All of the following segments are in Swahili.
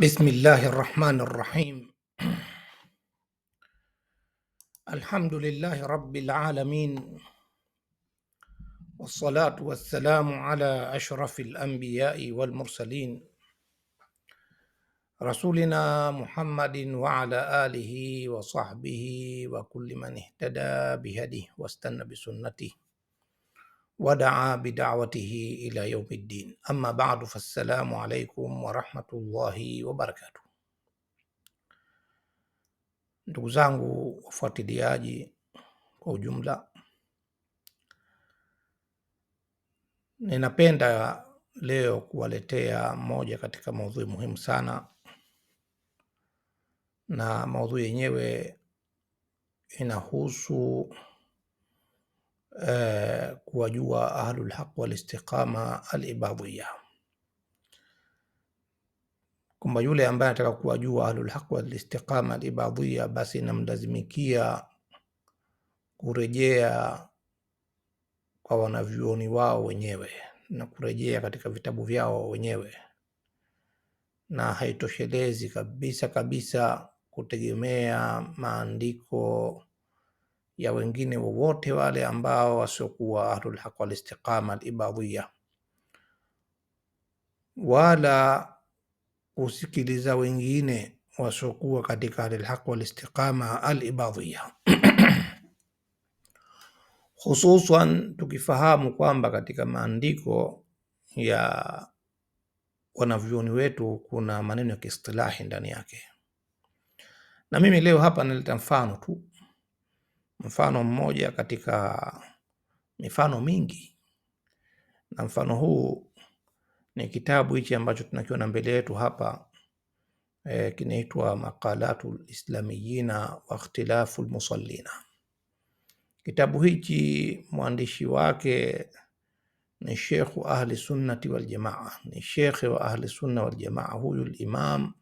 بسم الله الرحمن الرحيم الحمد لله رب العالمين والصلاه والسلام على اشرف الانبياء والمرسلين رسولنا محمد وعلى اله وصحبه وكل من اهتدى بهديه واستنى بسنته wadaa bidawatihi ila yaumi ddin, amma badu, fassalamu alaikum warahmatullahi wabarakatuh. Ndugu zangu wafuatiliaji kwa ujumla, ninapenda leo kuwaletea moja katika maudhui muhimu sana, na maudhui yenyewe inahusu Eh, kuwajua ahlulhaq walistiqama alibadhiya, kwamba yule ambaye anataka kuwajua ahlulhaq walistiqama alibadhiya, basi inamlazimikia kurejea kwa wanavyuoni wao wenyewe na kurejea katika vitabu vyao wenyewe, na haitoshelezi kabisa kabisa kutegemea maandiko ya wengine wowote wale ambao wasiokuwa istiqama al alibadhiya, wala kusikiliza wengine wasiokuwa katika istiqama al alibadhiya hususan tukifahamu kwamba katika maandiko ya wanavyuoni wetu kuna maneno ya kiistilahi ndani yake, na mimi leo hapa naleta mfano tu mfano mmoja katika mifano mingi, na mfano huu ni kitabu hichi ambacho tunakiona mbele yetu hapa e, kinaitwa Maqalatu lislamiyina wa ikhtilafu lmusallina. Kitabu hichi mwandishi wake ni shekhu ahli sunnati waljamaa, ni shekhe wa ahli sunna waljamaa, huyu Limam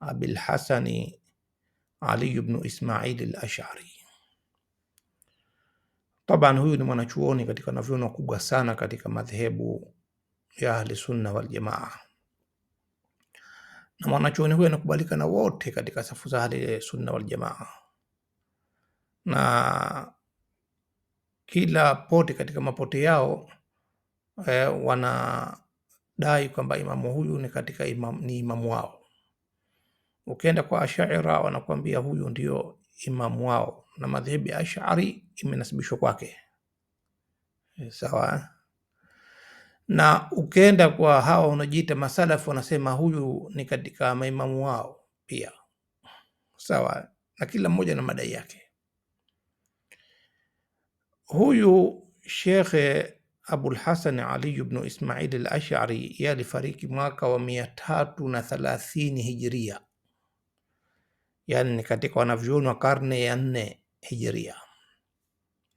Abilhasani Ali bnu Ismaili ashari Taban huyu ni mwanachuoni katika navyuoni kubwa sana katika madhehebu ya Ahli Sunna wal Jamaa, na mwanachuoni huyu anakubalika na wote katika safu za Ahli Sunna wal Jamaa, na kila pote katika mapote yao eh, wanadai kwamba imamu huyu ni katika imam, ni imamu wao. Ukienda kwa Ashaira wanakuambia huyu ndio imamu wao na madhehebu ya Ash'ari imenasibishwa kwake, e, sawa eh? na ukenda kwa hawa unajiita masalafu wanasema huyu ni katika maimamu wao pia, sawa na kila mmoja na madai yake. Huyu Shekhe Abul Hasan Ali ibn Ismail al-Ash'ari yalifariki mwaka wa mia tatu na thalathini hijiria yani ni katika wanavyuoni wa karne ya nne hijiria,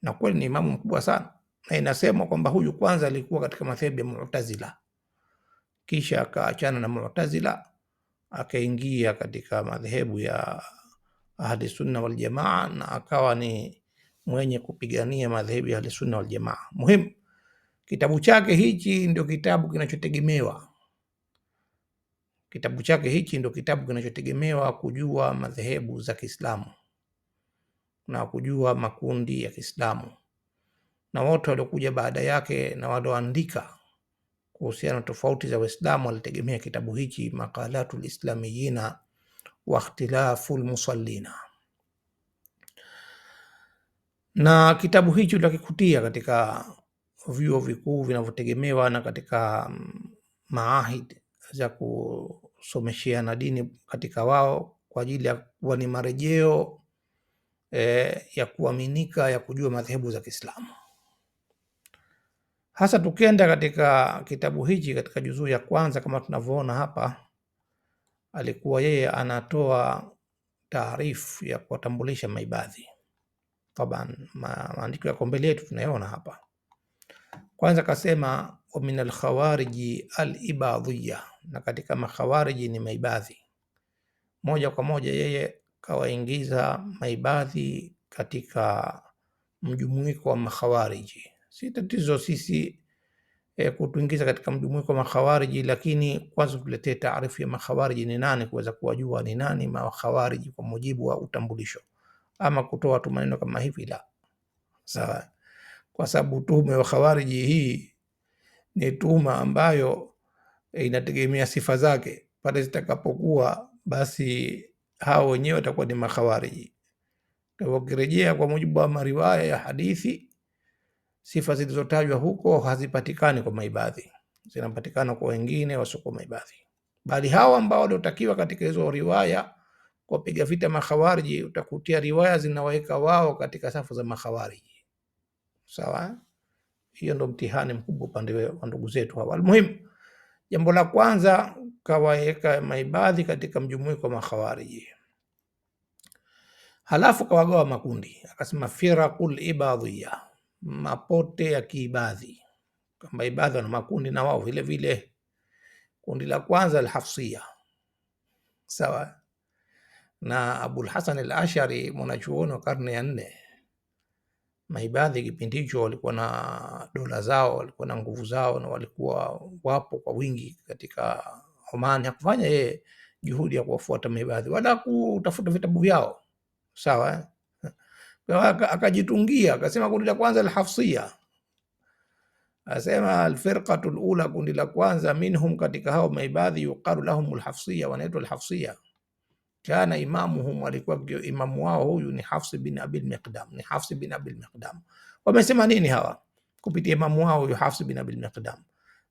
na kweli ni imamu mkubwa sana, na inasemwa kwamba huyu kwanza alikuwa katika madhehebu ya Mu'tazila, kisha akaachana na Mu'tazila akaingia katika madhehebu ya Ahli Sunna wal Jamaa na akawa ni mwenye kupigania madhehebu ya Ahli Sunna wal Jamaa. Muhimu, kitabu chake hichi ndio kitabu kinachotegemewa Kitabu chake hichi ndo kitabu kinachotegemewa kujua madhehebu za Kiislamu na kujua makundi ya Kiislamu na wote waliokuja baada yake na walioandika kuhusiana tofauti za Uislamu walitegemea kitabu hichi, Maqalatu lislamiyina wa Ikhtilaful Musallina. Na kitabu hichi utakikutia katika vyuo vikuu vinavyotegemewa na katika mm, maahid za kusomeshiana dini katika wao kwa ajili ya kuwa ni marejeo e, ya kuaminika ya kujua madhehebu za Kiislamu. Hasa tukienda katika kitabu hichi katika juzuu ya kwanza, kama tunavyoona hapa, alikuwa yeye anatoa taarifu ya kuwatambulisha maibadhi. Taban, maandiko yako mbele yetu tunayoona hapa. Kwanza kasema wa min alkhawariji alibadhiya, na katika makhawariji ni maibadhi. Moja kwa moja yeye kawaingiza maibadhi katika mjumuiko wa makhawariji. Si tatizo sisi e, kutuingiza katika mjumuiko wa makhawariji, lakini kwanza tuletee taarifu ya makhawariji ni nani, kuweza kuwajua ni nani makhawariji kwa mujibu wa utambulisho, ama kutoa tu maneno kama hivi, la sawa kwa sababu tuhuma ya Khawariji hii ni tuhuma ambayo eh, inategemea sifa zake. Pale zitakapokuwa basi, hao wenyewe watakuwa ni makhawariji. Kwa hivyo ukirejea kwa mujibu wa mariwaya ya hadithi, sifa zilizotajwa huko hazipatikani kwa maibadhi, zinapatikana kwa wengine wasiokuwa maibadhi, bali hao ambao waliotakiwa katika hizo riwaya kuwapiga vita makhawariji, utakutia riwaya zinawaweka wao katika safu za makhawariji. Sawa, hiyo ndo mtihani mkubwa upande wa ndugu zetu hawa. Almuhimu, jambo la kwanza kawaweka maibadhi katika mjumuiko wa makhawariji, halafu kawagawa makundi, akasema firaqul ibadhiya, mapote ya kiibadhi, kama ibadhi wana makundi na wao vile vile. Kundi la kwanza Alhafsia, sawa na Abul Hasan al Ashari, mwanachuoni wa karne ya nne maibadhi kipindi hicho walikuwa na dola zao, walikuwa na nguvu zao, na walikuwa wapo kwa wingi katika Oman. Hakufanya yeye juhudi ya kuwafuata maibadhi wala kutafuta vitabu vyao, sawa eh? Akajitungia akasema kundi la kwanza Alhafsia, asema alfirqatu lula, kundi la kwanza minhum, katika hao maibadhi yuqalu lahum Alhafsia, wanaitwa Alhafsia kana imamuhum, alikuwa imamu wao huyu ni Hafs bin Abil Miqdam, ni Hafs bin Abil Miqdam. Wamesema nini hawa kupitia imamu wao huyu Hafs bin Abil Miqdam?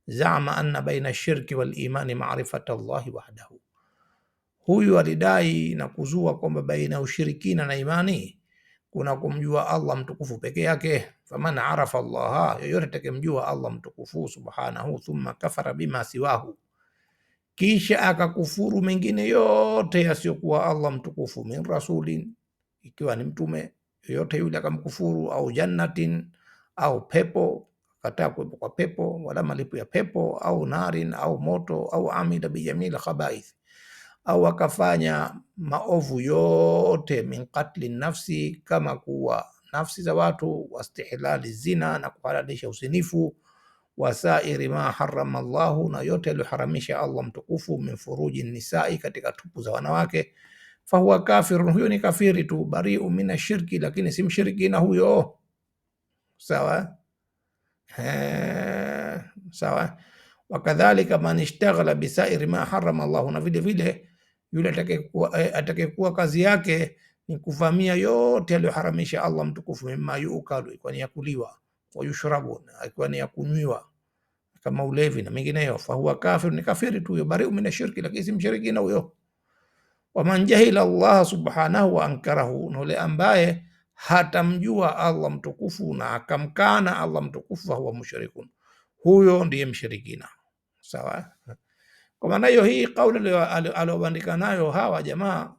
Zama anna baina shirki wal imani ma'rifata Allahi wahdahu. Huyu alidai na kuzua kwamba baina ushirikina na imani kuna kumjua Allah mtukufu peke yake. Faman arafa Allaha, yoyote atakayemjua Allah mtukufu subhanahu, thumma kafara bima siwahu kisha akakufuru mengine yote yasiyokuwa Allah mtukufu, min rasulin, ikiwa ni mtume yoyote yule akamkufuru, au jannatin, au pepo, akataa kuwepo kwa pepo wala malipo ya pepo, au narin, au moto, au amila bijamii khabaith, au akafanya maovu yote, min qatli nafsi, kama kuwa nafsi za watu, wastihlali zina, na kuhalalisha usinifu wasairi ma harama llahu, na yote aliyoharamisha Allah mtukufu, min furuji nisai, katika tupu za wanawake. Fahuwa kafirun, huyo ni kafiri tu. Bariu min shirki, lakini si mshiriki na huyo. Sawa He, eh, sawa. Wakadhalika man ishtaghala bisairi ma harama llahu, na vile vile yule atakayekuwa eh, kazi yake ni kuvamia yote aliyoharamisha Allah mtukufu, mimma yukalu, ikiwa ni yakuliwa, kuliwa, wayushrabu, ikiwa ni ya kama ulevi na mengineyo, fahuwa kafir, ni kafiri tu huyo, bariu min ashirki, lakini si mshiriki na huyo. Waman jahila Allah subhanahu wa ankarahu, na yule ambaye hatamjua Allah mtukufu na akamkana Allah mtukufu, fahuwa mushrikun, huyo ndiye mshirikina. Sawa. Kwa maana hiyo, hii kauli aliyobandika nayo hawa jamaa,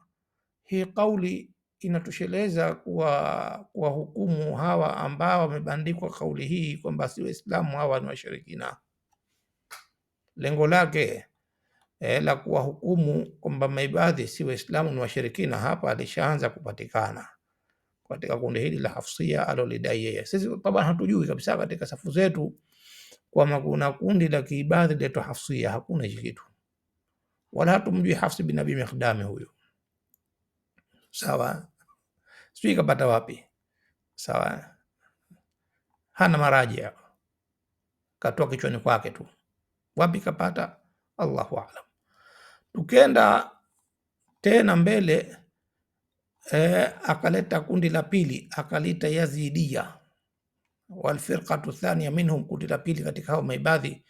hii kauli inatosheleza kuwa kuwahukumu hawa ambao wamebandikwa kauli hii kwamba si Waislamu, hawa ni washirikina lengo lake eh, la kuwahukumu kwamba maibadhi si Waislamu ni washirikina, hapa alishaanza kupatikana katika kundi hili la Hafsia alolidai yeye. Sisi tabana hatujui kabisa katika safu zetu kwamba kuna kundi la kiibadhi letu Hafsia, hakuna hicho kitu, wala hatumjui Hafsi bin Abi Mikdami huyo, sawa? Sijui kapata wapi, sawa? Hana marajia, katoa kichwani kwake tu. Wapi kapata? Allahu alam. Tukenda tena mbele e, akaleta kundi la pili akalita Yazidia walfirqatu thania minhum, kundi la pili katika hao maibadhi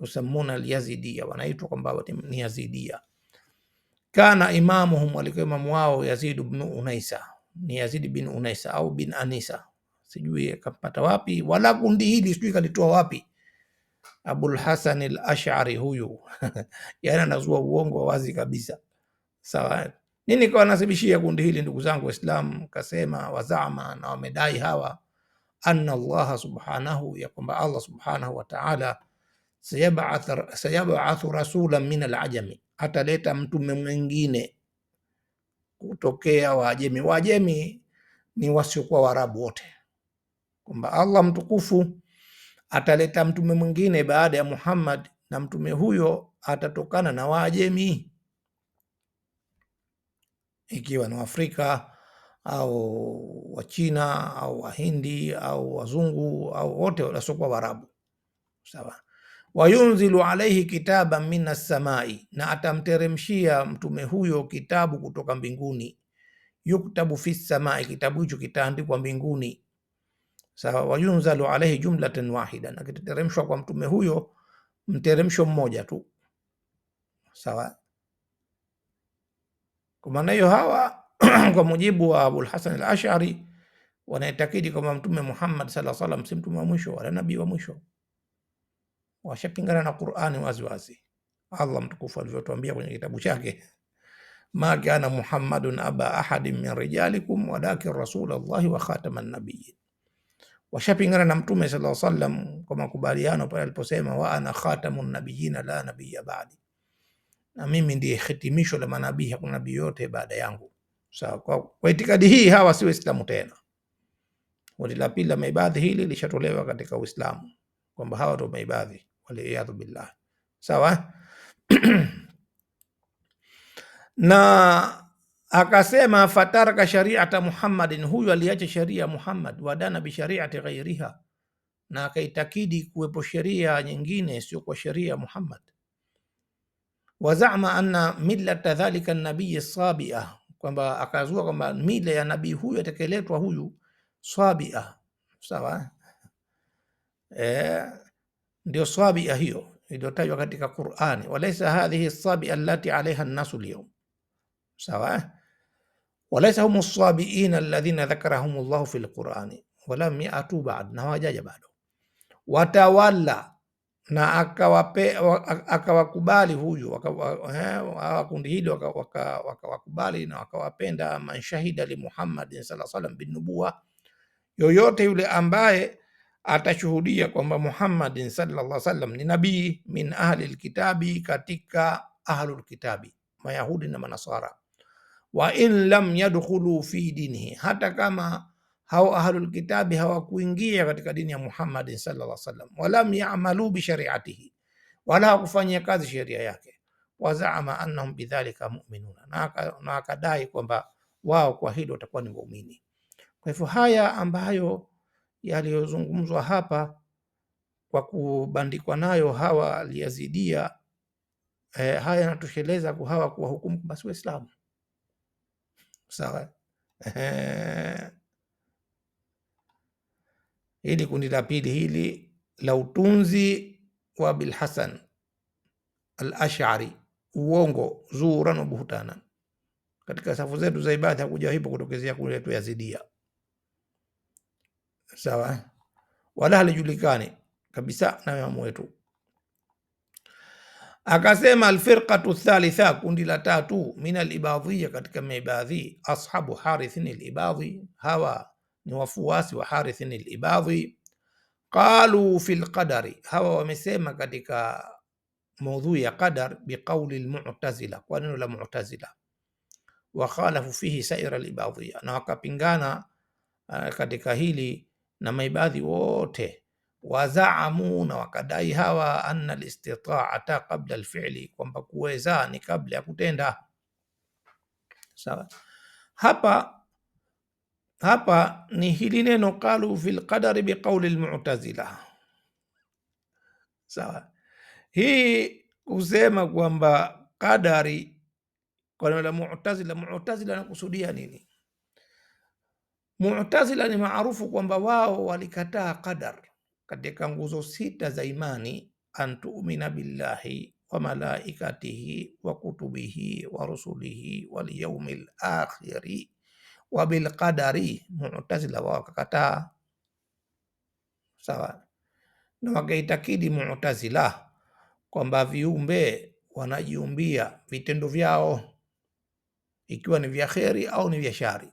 yusamuna alyazidia, wanaitwa kwamba ni Yazidia. Kana imamuhum, walikuwa imamu wao Yazid ibn Unaisa, ni Yazid bin Unaisa au bin Anisa, sijui kapata wapi, wala kundi hili sijui kalitoa wapi Abul Hasan al Ash'ari huyu yaani anazua uongo wazi kabisa. Sawa, nini kawanasibishia kundi hili, ndugu zangu Waislamu? Kasema wazama na wamedai hawa anna Allah subhanahu, ya kwamba Allah subhanahu wa ta'ala sayabathu rasulan min alajami, ataleta mtume mwingine kutokea Waajemi. Waajemi ni wasiokuwa Waarabu wote, kwamba Allah mtukufu ataleta mtume mwingine baada ya Muhammad na mtume huyo atatokana na Waajemi, ikiwa ni Waafrika au Wachina au Wahindi au Wazungu au wote wasiokuwa Waarabu. Sawa. Wayunzilu alaihi kitaban min assamai, na atamteremshia mtume huyo kitabu kutoka mbinguni. Yuktabu fi ssamai, kitabu hicho kitaandikwa mbinguni sawa. Wayunzalu alaihi jumlatan wahida, akiteremshwa kwa mtume huyo mteremsho mmoja tu, sawa. Kwa maana hiyo hawa kwa mujibu wa Abul Hasan al Ashari wanaitakidi kwamba Mtume Muhammad sala salam si mtume wa mwisho wala nabii wa mwisho. Washapingana na Qurani waziwazi. Allah mtukufu alivyotuambia kwenye kitabu chake, ma kana muhammadun aba ahadin min rijalikum walakin rasulallahi wa khataman nabiyin washapingana na Mtume sallallahu alaihi wasallam kwa makubaliano pale aliposema wa ana khatamu nabiyina la nabiyya ba'di, na mimi ndiye hitimisho la manabii, hakuna nabii yote baada yangu. Sawa. Kwa, kwa itikadi hii hawa si waislamu tena. Kundi la pili la maibadhi hili lishatolewa katika Uislamu kwamba hawa ndio maibadhi, waliyadhu billah. Sawa. na akasema fataraka shariata Muhammadin, huyu aliacha sheria ya Muhammad, wadana bishariati ghairiha, na akaitakidi kuwepo sheria nyingine sio kwa sheria ya Muhammad. Wazama anna millata dhalika nabii sabia, kwamba akazua kwamba mila ya nabii huyu atekeletwa huyu swabia, sawa eh, ndio swabia hiyo iliyotajwa katika Qurani, walaisa hadhihi sabia allati alaiha nnasu lyaum, sawa walaisa hum sabiina alladhina dhakarahum llahu fi lqurani walam yatu bad, na hawajaja bado. watawala na akawakubali huyu waka, eh, hili wakawakubali na wakawapenda. man shahida li Muhammadin sallallahu alaihi wasallam binubuwa, yoyote yule ambaye atashuhudia kwamba Muhammadin sallallahu alaihi wasallam ni nabii. min ahli lkitabi, katika ahlulkitabi, Mayahudi na Manasara wa in lam yadkhulu fi dinihi, hata kama hao ahlul kitabi hawakuingia katika dini ya Muhammad sallallahu alaihi wasallam, walam ya'malu bi shari'atihi, wala hawakufanyia kazi sheria yake, zaama annahum bidhalika mu'minuna, na akadai kwamba wao kwa hilo watakuwa ni waumini. Kwa hivyo haya ambayo yaliyozungumzwa hapa kwa kubandikwa nayo hawa aliyazidia eh, haya yanatosheleza hawa kuwahukumu basi Waislamu Sawa eh. Hili kundi la pili hili la utunzi wa Bilhasan Alashari, uongo zuran wabuhutana Katika safu zetu za ibada hakuja hipo kutokezea kundi letu Yazidia, sawa, wala halijulikani kabisa na imamu wetu Akasema alfirqatu thalitha, kundi la tatu, min alibadhiya, katika maibadhi. Ashabu harithin libadhi, hawa ni wafuasi wa harithin libadhi. Qalu fi lqadari, hawa wamesema katika maudhui ya qadar biqauli lmutazila, kwa neno la mutazila. Wakhalafu fihi saira alibadhiya, na wakapingana eh, katika hili na maibadhi wote wazaamu na wakadai hawa anna listitaata qabla alfili, kwamba kuweza ni kabla ya kutenda. Sawa, hapa hapa ni hili neno qalu fi lqadari biqauli lmutazila. Sawa, hii kusema kwamba qadari kwa neno la mutazila. Mutazila anakusudia nini? Mutazila ni maarufu kwamba wao walikataa qadar katika nguzo sita za imani, antuumina billahi wa malaikatihi wa kutubihi wa rusulihi wal yaumil akhiri wa bil qadari. Mu'tazila wakakataa, sawa na wakaitakidi Mu'tazila kwamba viumbe wanajiumbia vitendo vyao ikiwa ni vya kheri au ni vya shari.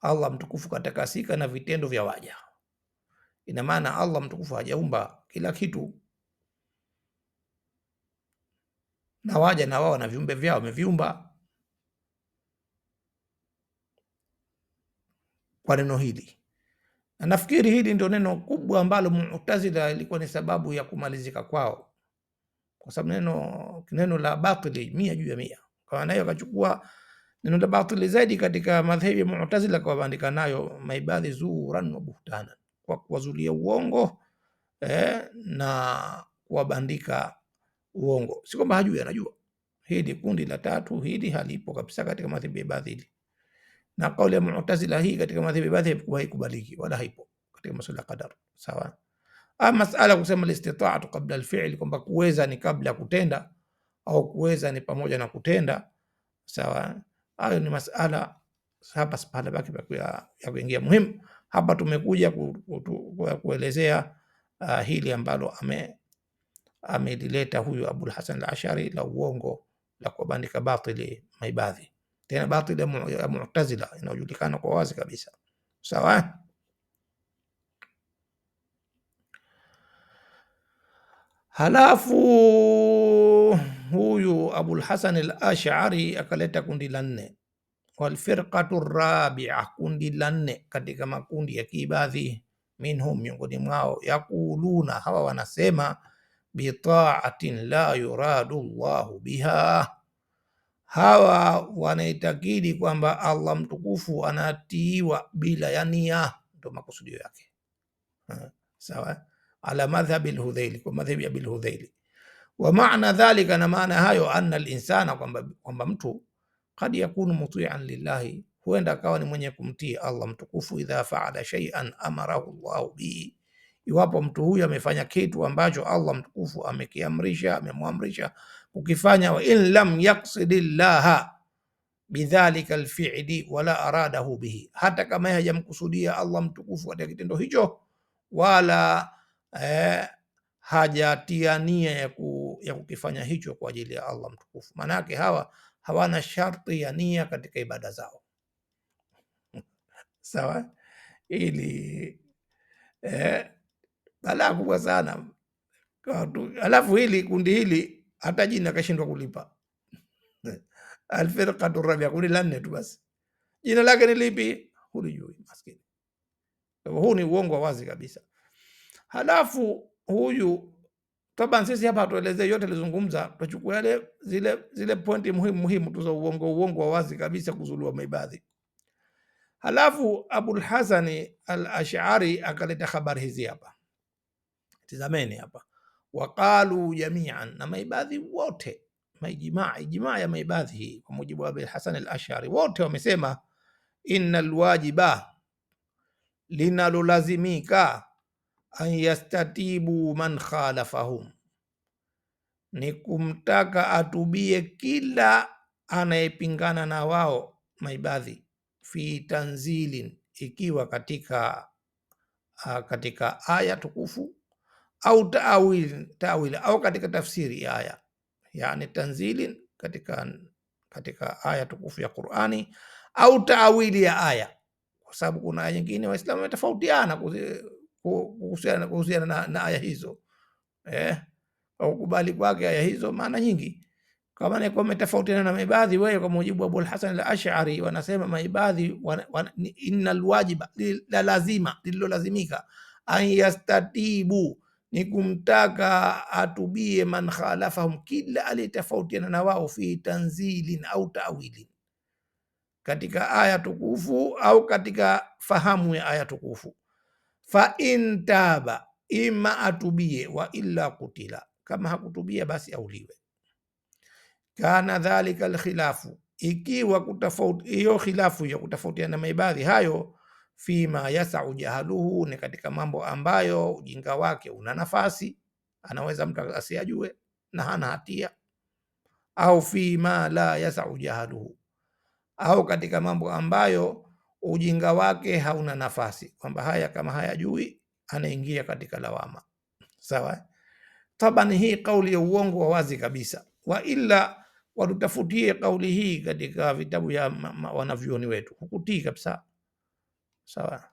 Allah mtukufu katakasika na vitendo vya waja Ina maana Allah mtukufu hajaumba kila kitu, na waja na wao na viumbe vyao wameviumba kwa neno hili, na nafikiri hili ndio neno kubwa ambalo Mu'tazila ilikuwa ni sababu ya kumalizika kwao, kwa sababu neno neno la batili mia juu ya mia, kwa hiyo akachukua neno la batili zaidi katika madhehebu ya Mu'tazila, kwa bandika nayo maibadhi zuran wa buhtana kwa kuwazulia uongo eh, na kuwabandika uongo. Si kwamba hajui, anajua. Hili kundi la tatu hili halipo kabisa katika madhehebu ya Baadhili, na kauli ya Mu'tazila hii katika madhehebu ya Baadhili haikubaliki wala haipo katika masuala ya qadar. Sawa. Ama masala kusema listitaatu kabla alfi'li, kwamba kuweza ni kabla ya kutenda au kuweza ni pamoja na kutenda. Sawa, hayo ni masala hapa, si pahala pake ya kuingia muhimu. Hapa tumekuja kuelezea uh, hili ambalo ame amelileta huyu Abul Hasan al Ashari la uongo la kubandika batili maibadhi, tena batili ya Mu'tazila inayojulikana kwa wazi kabisa. Sawa, halafu huyu Abul Hasan al Ashari akaleta kundi la nne Walfirqatu rabia, kundi la nne katika makundi ya kiibadhi, minhum, miongoni mwao, yakuluna hawa wanasema, bitaatin la yuradu llahu biha, hawa wanaitakidi kwamba Allah mtukufu anatiiwa bila ya nia, ndo makusudio yake. Sawa, ala madhhabi lhudhaili, kwa madhhabi ya bilhudhaili. Wa maana dhalika, na maana hayo, anna linsana, kwamba mtu kad yakunu mutian lillahi, huenda akawa ni mwenye kumtii Allah mtukufu. Idha faala shay'an amarahu llahu bihi, iwapo mtu huyu amefanya kitu ambacho Allah mtukufu amekiamrisha, amemwamrisha kukifanya. Wa in lam yaksidi llaha bidhalika alfi'li wala aradahu bihi, hata kama yeye hajamkusudia Allah mtukufu katika kitendo hicho wala eh, hajatia nia ya kukifanya hicho kwa ajili ya Allah mtukufu. Maanake hawa hawana sharti ya nia katika ibada zao. Sawa, ili eh, balaa kubwa sana. Alafu hili kundi hili hata jina kashindwa kulipa Alfirqatu Rabia, kundi la nne tu basi. Jina lake ni lipi? Hulijui maskini. Huu ni uongo wazi kabisa. Halafu huyu Taban sisi hapa hatuelezee yote alizungumza, tutachukua yale zile zile pointi muhimu muhimu tu za uongo uongo wa wazi kabisa kuzuliwa maibadhi. Halafu Abul Hasani al-Ash'ari akaleta habari hizi hapa. Tizameni hapa. Waqalu jami'an, na maibadhi wote maijimaa ijimaa ya maibadhi hii kwa mujibu wa Abul Hasan al-Ash'ari wote wamesema innal wajiba linalolazimika an yastatibu man khalafahum, ni kumtaka atubie kila anayepingana na wao maibadhi. Fi tanzilin, ikiwa katika katika aya tukufu au taawil taawil, au katika tafsiri ya aya, yani tanzilin, katika katika aya tukufu ya Qur'ani au taawili ya aya, kwa sababu kuna aya nyingine Waislamu wametofautiana kuhusiana na, na aya hizo eh, kwa kukubali kwake aya hizo maana nyingi, kama kwa metofautiana na maibadhi wewe, Kwa mujibu wa Abul Hasan al-Ash'ari, wanasema maibadhi wana, wana, innal wajiba la lazima lililolazimika an yastatibu ni kumtaka atubie man khalafahum, kila aliyetofautiana na wao, fi tanzilin au tawilin, katika aya tukufu au katika fahamu ya aya tukufu fa intaba, ima atubie, wa illa kutila, kama hakutubia basi auliwe. Kana dhalika alkhilafu, ikiwa kutafauti hiyo khilafu ya na maibadhi hayo, fima yasau jahaluhu, ni katika mambo ambayo ujinga wake una nafasi, anaweza mtu asiyajue na hana hatia, au fima la yasau jahaluhu, au katika mambo ambayo ujinga wake hauna nafasi, kwamba haya kama hayajui anaingia katika lawama. Sawa taban, hii kauli ya uongo wa wazi kabisa. Wa ila watutafutie kauli hii katika vitabu ya wanavyuoni wetu, hukutii kabisa. Sawa,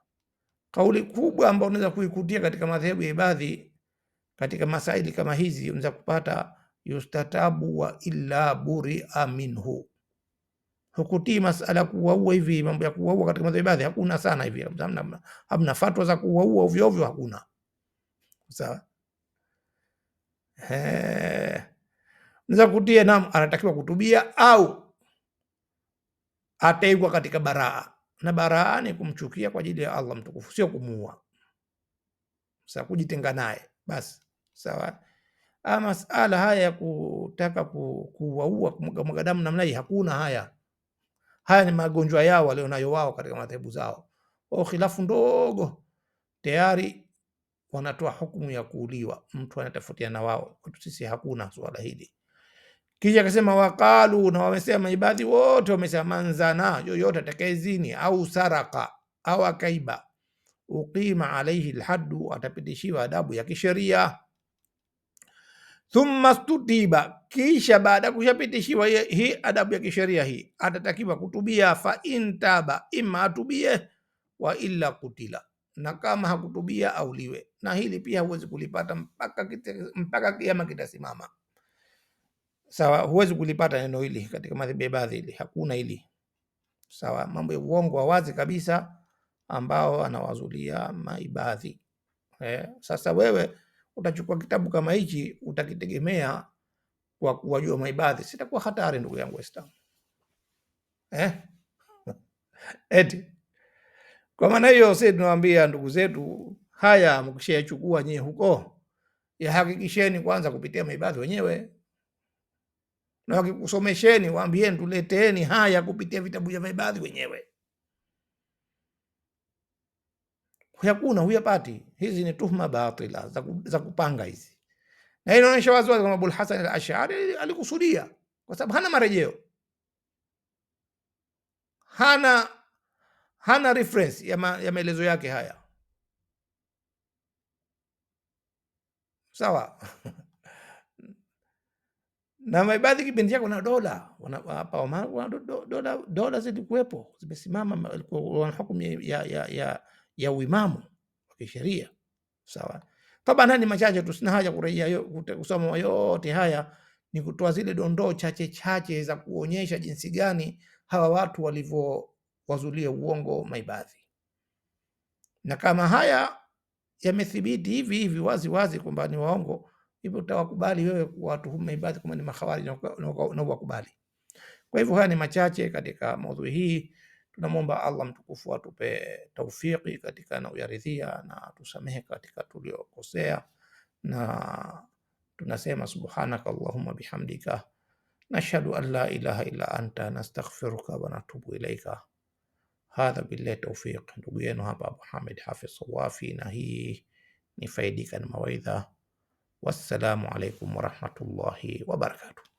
kauli kubwa ambayo unaweza kuikutia katika madhehebu ya baadhi katika masaili kama hizi, unaweza kupata yustatabu wa illa buria minhu hukutii masala kuwaua hivi, mambo ya kuwaua katika madhehebu baadhi hakuna sana hivi, hamna, hamna fatwa za kuwaua ovyo ovyo, hakuna. Sawa, naweza kutia nam, anatakiwa kutubia au ataigwa katika baraa, na baraa ni kumchukia kwa ajili ya Allah mtukufu, sio kumuua. Sasa kujitenga naye basi, sawa. Ah, masala haya ya kutaka kuwaua kumwaga damu namna hii hakuna haya. Haya ni magonjwa yao walionayo wao katika madhehebu zao wao, khilafu ndogo tayari wanatoa hukumu ya kuuliwa. Mtu anatofautiana wao, kwetu sisi hakuna swala hili. Kisha akasema waqalu, na wamesema ibadhi wote wamesema, manzana, yoyote atakayezini au saraka au akaiba, uqima alaihi lhadu atapitishiwa adabu ya kisheria thumma stutiba, kisha baada ya kushapitishiwa hii adabu ya kisheria hii, atatakiwa kutubia. Fa intaba, ima atubie, wa illa kutila, na kama hakutubia auliwe. Na hili pia huwezi kulipata mpaka mpaka kiama kitasimama. Sawa, huwezi kulipata neno hili katika madhehebu baadhi, hili hakuna hili. Sawa, mambo ya uongo wa wazi kabisa ambao anawazulia maibadhi eh. Sasa wewe utachukua kitabu kama hichi utakitegemea kwa kuwajua maibadhi, sitakuwa hatari ndugu yangu Waislamu eh? Eti kwa maana hiyo sisi tunawaambia ndugu zetu, haya mkishayachukua nyie huko yahakikisheni kwanza kupitia maibadhi wenyewe, na wakikusomesheni waambieni tuleteeni haya kupitia vitabu vya maibadhi wenyewe. hakuna huyapati. Hizi ni tuhma batila za kupanga hizi, na hilo inaonyesha wazi wazi kwamba Abul Hasan al Ashari alikusudia, kwa sababu hana marejeo, hana hana reference ya, ma, ya maelezo yake haya. Sawa na maibadhi kipindi chake wana dola hapa Oman, dola zilikuwepo zimesimama, ya, ya, ya, ya ya uimamu wa kisheria sawa. Tabana ni machache tu, sina haja kurejea kusoma yote haya, ni kutoa zile dondoo chache chache za kuonyesha jinsi gani hawa watu walivyowazulia uongo maibadhi, na kama haya yamethibiti hivi hivi wazi wazi kwamba ni waongo, hivyo utawakubali wewe kuwatuhumu maibadhi kwamba ni mahawari na uwakubali? Kwa hivyo haya ni machache katika maudhui hii. Tunamwomba Allah mtukufu atupe taufiki katika anayoyaridhia na tusamehe katika tuliyokosea, na tunasema subhanaka allahumma bihamdika nashhadu an la ilaha illa anta nastaghfiruka wa natubu ilaika. Hadha billahi taufiq. Ndugu yenu hapa Abu Hamid Hafidh Sawafi, na hii ni Faidika na Mawaidha. Wassalamu alaikum warahmatullahi wabarakatuh.